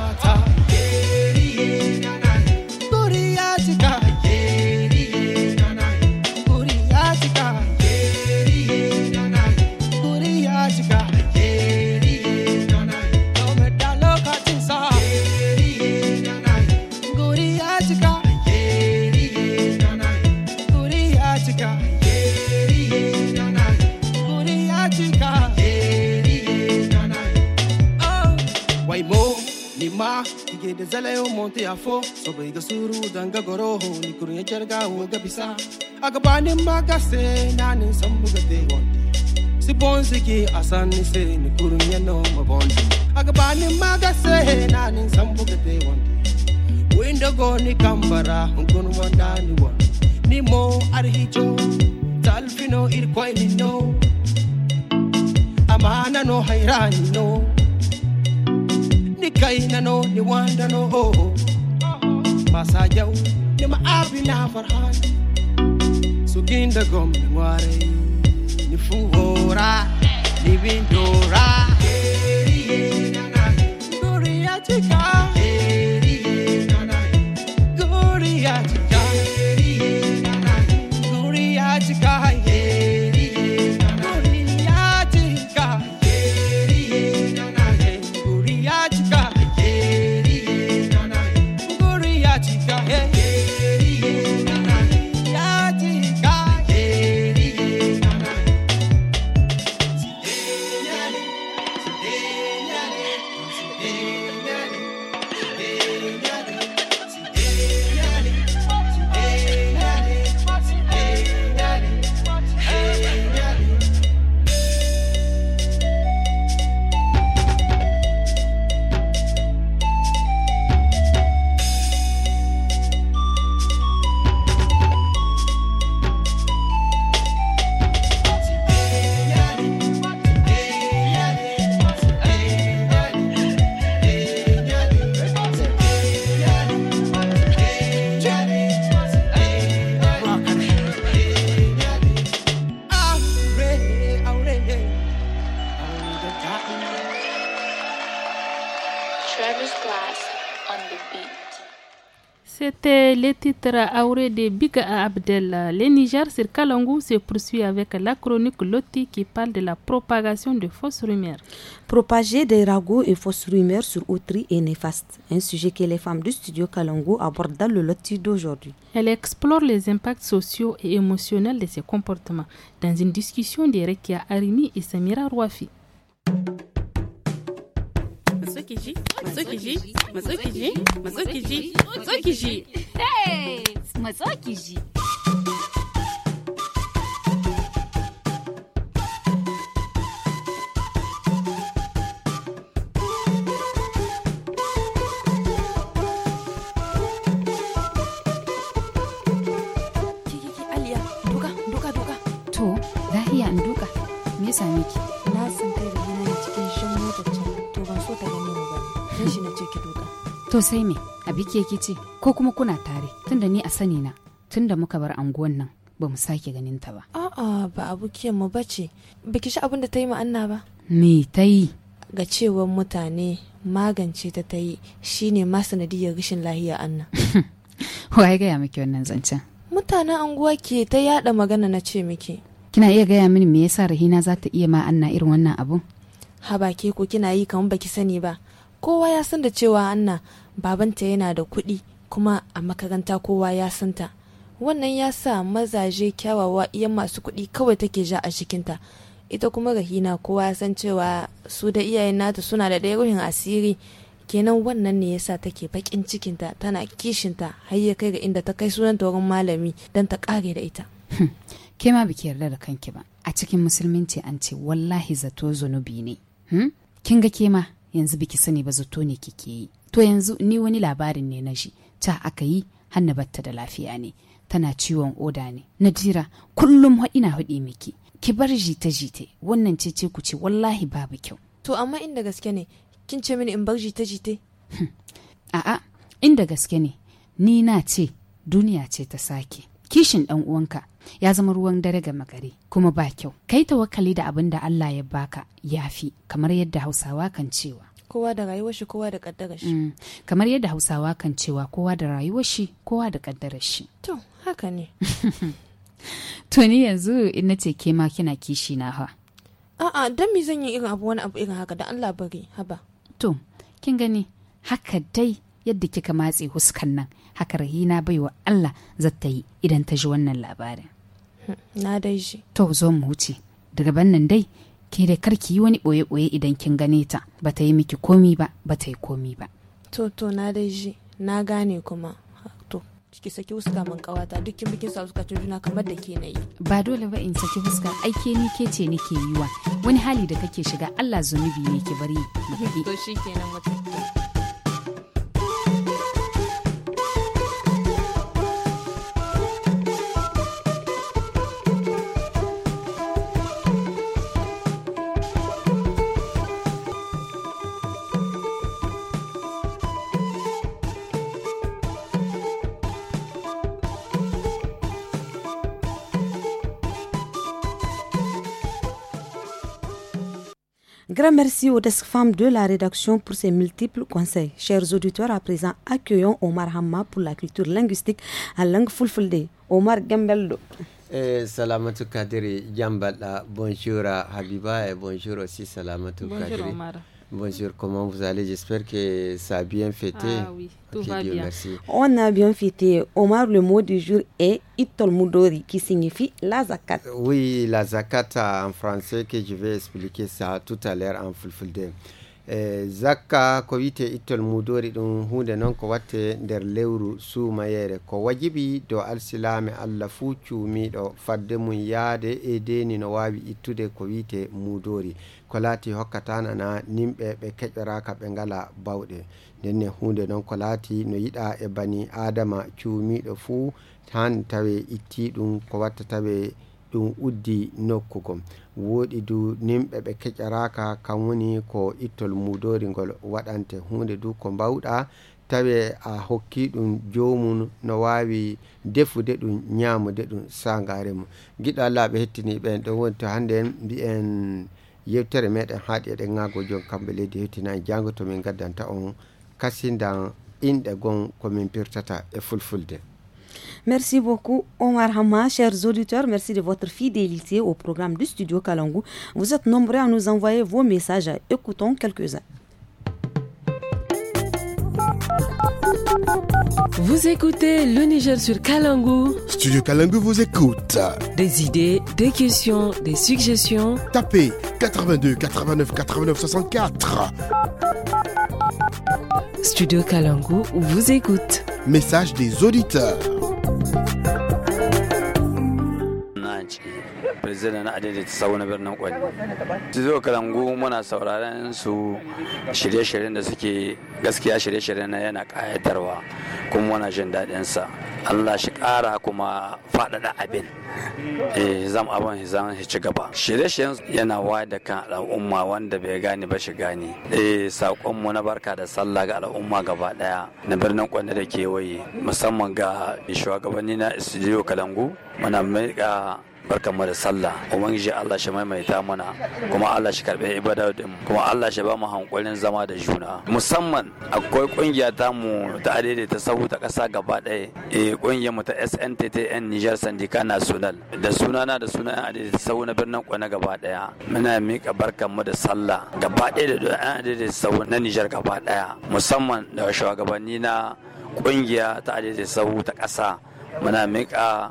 gazelle au monte à faux sobre ga suru danga goroho ni kurin jarga wo ga bisa na magase nani sambuga de wonti si bonzi ki asani se ni kurin ya no ma bonzi na magase nani sambuga de wonti winda go ni kambara ngun wanda ni won ni mo arhicho talfino ir koini no amana no hairani no nikaina no ni wanda no ho oh, oh. masa jau ni ma abina farhan suginda gom ni ware ni fuhora ni windora Doriya chika titre de Biga Abdel. Le Niger sur Kalangou se poursuit avec la chronique Loti qui parle de la propagation de fausses rumeurs. Propager des ragots et fausses rumeurs sur autrui est néfaste, un sujet que les femmes du studio Kalongo abordent dans le Loti d'aujourd'hui. Elle explore les impacts sociaux et émotionnels de ces comportements dans une discussion directe à Arimi et Samira Rouafi. ki ji matso ki to sai me abi ke ce ko kuma kuna tare tunda ni a sani na tunda muka bar anguwan nan ba mu sake ganin ta ba a'a ba abokiyar mu bace ki shi abin da ta yi ma'anna ba me ta yi ga cewar mutane magance ta ta yi shi ma sanadiyar rashin lahiya anna (laughs) ya gaya miki wannan zancen mutanen anguwa ke ta yada magana na ce miki kina iya gaya mini me yasa rahina za ta iya ma anna irin wannan abun ha ke ko kina yi kamar baki sani ba kowa ya san da cewa anna babanta yana da kuɗi kuma a makaranta kowa ya santa wannan ya sa mazaje kyawawa iyan masu kuɗi kawai take ja a cikinta ita kuma rahina kowa ya san cewa su da iyayen nata suna da ɗaya ruhin asiri kenan wannan ne yasa take bakin cikinta tana kishinta har ya kai ga inda ta kai sunan wurin malami don ta kare da ita hmm. ke ma biki yarda da kanki ba a cikin musulminci an ce wallahi zato zunubi ne hmm? kin ga ke ma yanzu biki sani ba zato ne kike yi to yanzu ni wani labarin ne na shi ta aka yi hanna batta da lafiya ne tana ciwon oda ne na jira kullum na haɗi miki ki bar jita jita wannan ce ce ku ce wallahi babu kyau to amma inda gaske ne kin ce mini in bar jita jita a'a inda gaske ne ni na ce duniya ce ta sake kishin dan uwanka ya zama ruwan dare ga magare kuma ba kyau kai tawakkali da abin da Allah ya baka yafi kamar yadda Hausawa kan cewa kowa da rayuwar shi kowa da kaddarar shi mm. kamar yadda Hausawa kan cewa kowa da rayuwar shi kowa da kaddarar shi to haka ne (laughs) to ni yanzu in nace ke ma kina kishi na ha a'a dan me zan yi irin abu wani abu irin haka da Allah bari haba to kin gani haka dai yadda kika matse huskan nan haka rahina baiwa Allah zata yi idan ta ji wannan labarin. Na dai shi. To zo mu wuce. Daga bannan dai ke da karki yi wani ɓoye-ɓoye idan kin gane ta ba ta yi miki komi ba ba ta yi komi ba. To to na dai shi na gane kuma. ki saki fuska man kawata duk kin bikin sa fuskacin juna kamar da ke nayi. Ba dole ba in saki fuska ai ke ni ke ce nake yi wa wani hali da kake shiga Allah zunubi ne ke bari. To shikenan mutum. Grand merci aux desk femmes de la rédaction pour ces multiples conseils. Chers auditeurs, à présent, accueillons Omar Hamma pour la culture linguistique en langue fulfulde. Omar Gambeldo. Eh, Salamatou Kadiri Djambala, bonjour à Habiba et bonjour aussi Salamatou Kadiri. Bonjour Omar. Bonjour, comment vous allez J'espère que ça a bien fêté. Ah oui, tout va bien. On a bien fêté. Omar, le mot du jour est itolmudori » qui signifie la zakat. Oui, la zakat en français, que je vais expliquer ça tout à l'heure en fulfulde. e zakka ko wiite ittol mudori ɗum hunde noon ko watte nder lewru suumayere ko wajibi do alsilame allah fuu cuumiɗo fadde mum yaade e deni no wawi ittude ko wiite mudori ko laati hokkatanana nimɓe ɓe keƴoraka ɓe ngala bawɗe ndenne hunde noon ko laati no yiɗa e bani adama cuumiɗo fuu han tawe itti ɗum ko watta tawe ɗum uddi nokkugo woɗi du nimɓe ɓe keƴaraka kan woni ko ittol mudori ngol waɗante hunde du ko mbawɗa tawi a hokki ɗum jomum no wawi defude ɗum ñamude ɗum sangare mum guiɗo allah ɓe hettiniɓen ɗo wonto hannden mbiyen yewtere meɗen haaɗi eɗen gago jom kamɓe leydi hettinani e jango tomin gaddanta on kasidan inɗe gon komin pirtata e fulfulde Merci beaucoup, Omar Hama, chers auditeurs. Merci de votre fidélité au programme du studio Kalangu. Vous êtes nombreux à nous envoyer vos messages. Écoutons quelques-uns. Vous écoutez le Niger sur Kalangu. Studio Kalangu vous écoute. Des idées, des questions, des suggestions. Tapez 82 89 89 64. Studio Kalangu vous écoute. Message des auditeurs. you president na adadin ta sau na birnin su studio kalangu muna sauraren su shirye-shiryen da suke gaskiya shirye-shiryen na yana kayatarwa kuma muna jin daɗin sa allah shi ƙara kuma faɗaɗa abin eh, zam abin zan ci gaba shirye-shiryen yana wayar da kan al'umma wanda bai gane ba shi gane sakon eh, saƙonmu na barka da sallah ga al'umma gaba ɗaya na birnin kwanne da kewaye musamman ga shugabanni na studio kalangu muna miƙa barkan mu da sallah ubangiji Allah shi maimaita mana kuma Allah shi karbe din kuma Allah shi ba mu hankulin zama da juna musamman akwai kungiya ta mu ta ta sahu ta kasa gaba ɗaya eh kungiyar mu ta SNTTN Niger Sandika National da sunana da sunan ta sahu na birnin Kwana gaba ɗaya muna mika barkan mu da sallah gaba ɗaya da adede ta sahu na Niger gaba ɗaya musamman da shugabanni na kungiya ta ta sahu ta ƙasa muna mika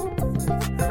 Thank you.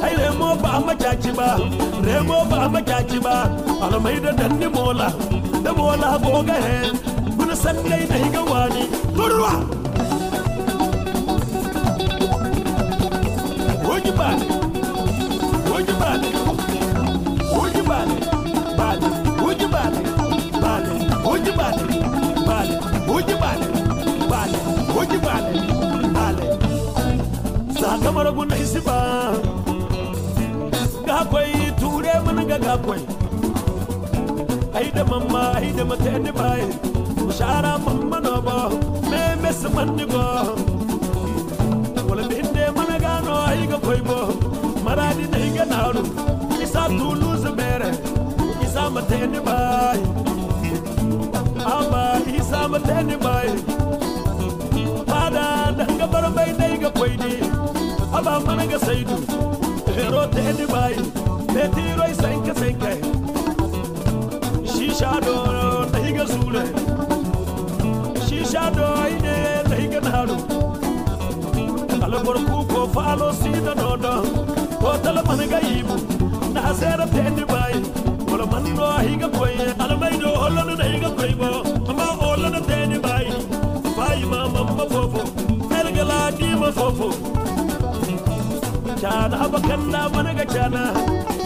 Hey, remo ba ma ba remo ba makaci ba almai da danni mola da mola boga he kun san dai dai ga wani turwa Hoje bate, hoje bate, hoje bate, bate, hoje bate, bate, hoje bate, bate, hoje bate, bate, hoje bate, bate. Saca maragunha e se daga kwai ai da mamma ai da mata ni bai shara mamma no ba me me saman ni go wala bin de mana gano ai ga koi bo maradi ne ga naru isa tulu zubere isa mata ni bai amma isa mata ni bai bada danga barbai ne ga koi ne aba mana ga saidu ero te ni bai Betiro senke senke Shisha do tahiga sule Shisha do ine tahiga naru Kalo bor kuko falo sida do do Kotal man gaibu Na sera tendi bai Wala man do higa koi Alamai do hola do higa koi bo Amma hola do tendi bai Bai ma mamma fofo Fergala di ma fofo Chana abakanna managa chana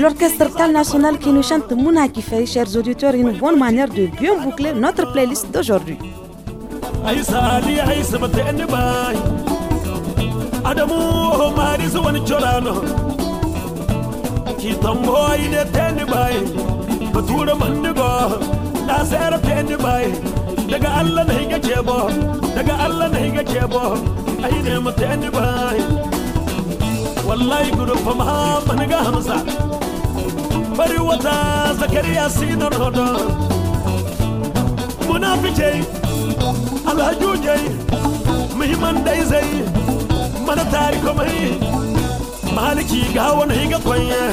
L'orchestre national qui nous chante Mouna qui fait, chers auditeurs, une bonne manière de bien boucler notre playlist d'aujourd'hui. والله يقولوا فما بنقى همسا بري وطا زكريا سيد الهدى منافجي الهجوجي مهمان دايزي من تاريخو مهي مالكي قاوان هيقا قوية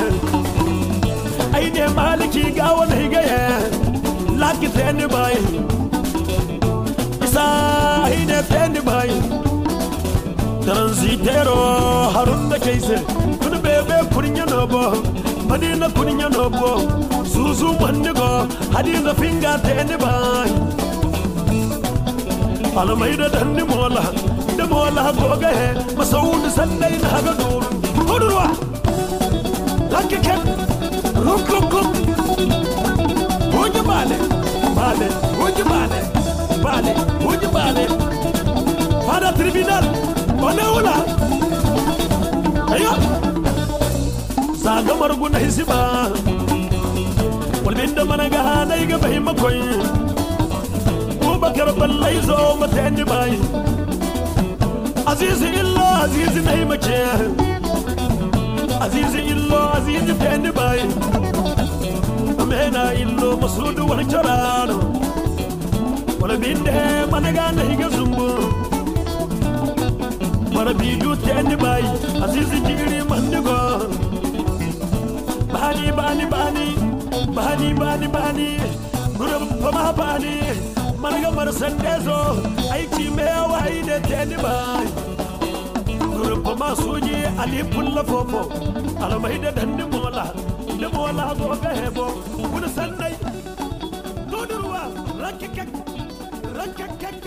أيدي مالكي قاوان هيقا لكن ثاني باي إسا ايدي ثاني باي transitero harunda kaise kun bebe kurinya nobo madina kurinya nobo suzu mandigo hadina finga tene bai palamaida danni mola de mola goga he masoud sanne na haga do rodurwa lakke ken rok rok rok hoje bale bale hoje bale bale hoje bale para tribunal wanawula ayo saga marguna hisiba walbinda managa hanayga bahima koy bubakar ballayzo mateni bay azizi illo azizi nahimake azizi illo azizi teni bay amena illo masudu walcarano walbinde managa nahiga zumbu bi do tend by Aziz Jiri Mandigo Bani Bani Bani Bani Bani Bani Guru Pama Bani mar Marsandezo Aichi Mewa Ide tend by Guru Pama Suji Ali Pulla Popo Alamahida Dandimola Limola Bogahebo Kuna Sunday Dodurwa Rakikak Rakakak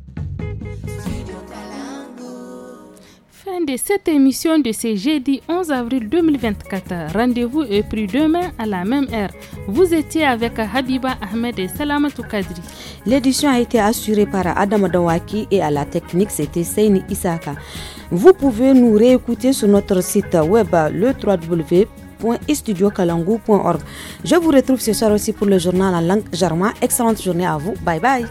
fin de cette émission de ce jeudi 11 avril 2024. Rendez-vous est pris demain à la même heure. Vous étiez avec Habiba Ahmed et Salamatou Kadri. L'édition a été assurée par Adam Adawaki et à la technique, c'était Seine Isaka. Vous pouvez nous réécouter sur notre site web le www.studiocalangu.org. Je vous retrouve ce soir aussi pour le journal en langue germain. Excellente journée à vous. bye. bye.